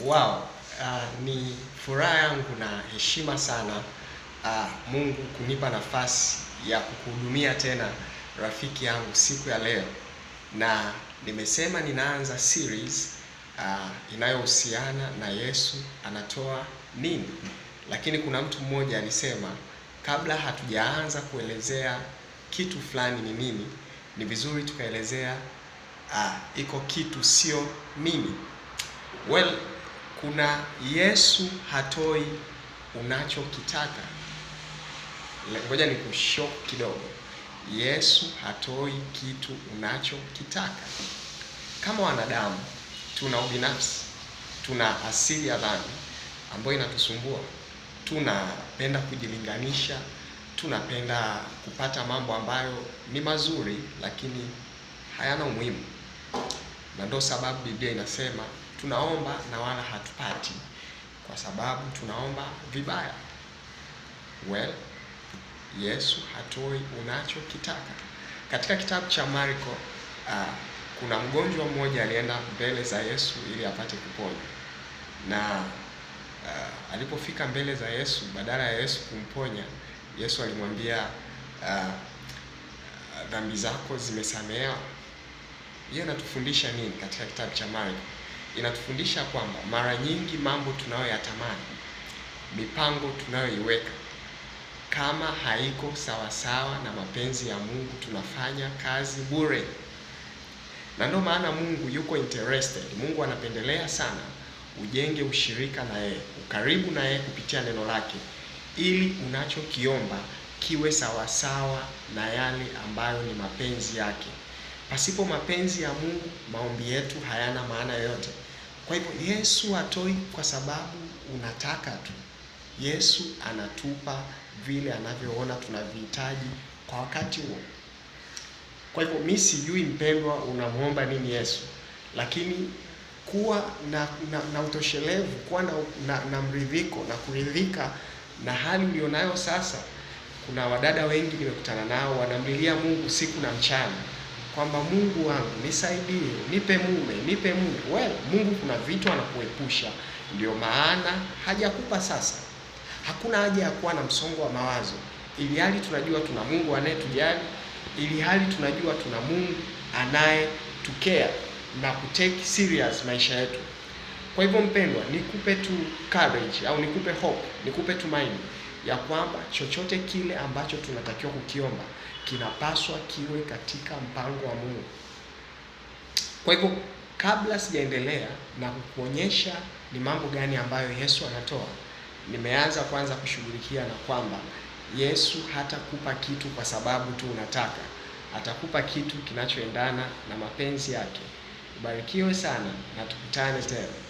wao uh, ni furaha yangu na heshima sana uh, Mungu kunipa nafasi ya kukuhudumia tena rafiki yangu siku ya leo, na nimesema ninaanza series uh, inayohusiana na Yesu anatoa nini, lakini kuna mtu mmoja alisema kabla hatujaanza kuelezea kitu fulani ni nini, ni vizuri tukaelezea uh, iko kitu sio nini. Well, kuna Yesu hatoi unachokitaka. Ngoja ni kushok kidogo. Yesu hatoi kitu unachokitaka. Kama wanadamu tuna ubinafsi, tuna asili ya dhambi ambayo inatusumbua, tunapenda kujilinganisha, tunapenda kupata mambo ambayo ni mazuri lakini hayana umuhimu, na ndio sababu Biblia inasema tunaomba na wala hatupati kwa sababu tunaomba vibaya. Well, Yesu hatoi unachokitaka. Katika kitabu cha Marko uh, kuna mgonjwa mmoja alienda mbele za Yesu ili apate kuponywa na uh, alipofika mbele za Yesu, badala ya Yesu kumponya, Yesu alimwambia uh, dhambi zako zimesamehewa. Hiyo anatufundisha nini katika kitabu cha Marko? inatufundisha kwamba mara nyingi mambo tunayoyatamani, mipango tunayoiweka, kama haiko sawasawa sawa na mapenzi ya Mungu, tunafanya kazi bure. Na ndio maana Mungu yuko interested, Mungu anapendelea sana ujenge ushirika na yeye, ukaribu na yeye kupitia neno lake, ili unachokiomba kiwe sawasawa na yale ambayo ni mapenzi yake. Pasipo mapenzi ya Mungu, maombi yetu hayana maana yoyote. Kwa hivyo, Yesu hatoi kwa sababu unataka tu. Yesu anatupa vile anavyoona tunavihitaji kwa wakati huo. Kwa hivyo, mi sijui mpendwa, unamwomba nini Yesu, lakini kuwa na, na, na utoshelevu, kuwa na, na, na mridhiko na kuridhika na hali ulionayo sasa. Kuna wadada wengi nimekutana nao wanamlilia Mungu siku na mchana kwamba Mungu wangu nisaidie, nipe mume, nipe mume. Well, Mungu kuna vitu anakuepusha, ndio maana hajakupa sasa. Hakuna haja ya kuwa na msongo wa mawazo, ili hali tunajua tuna Mungu anayetujali, ili hali tunajua tuna Mungu anayetukea na kutake serious maisha yetu. Kwa hivyo mpendwa, nikupe tu courage au nikupe hope, nikupe tumaini ya kwamba chochote kile ambacho tunatakiwa kukiomba kinapaswa kiwe katika mpango wa Mungu. Kwa hivyo kabla sijaendelea na kukuonyesha ni mambo gani ambayo Yesu anatoa, nimeanza kwanza kushughulikia na kwamba Yesu hatakupa kitu kwa sababu tu unataka, atakupa kitu kinachoendana na mapenzi yake. Ubarikiwe sana na tukutane tena.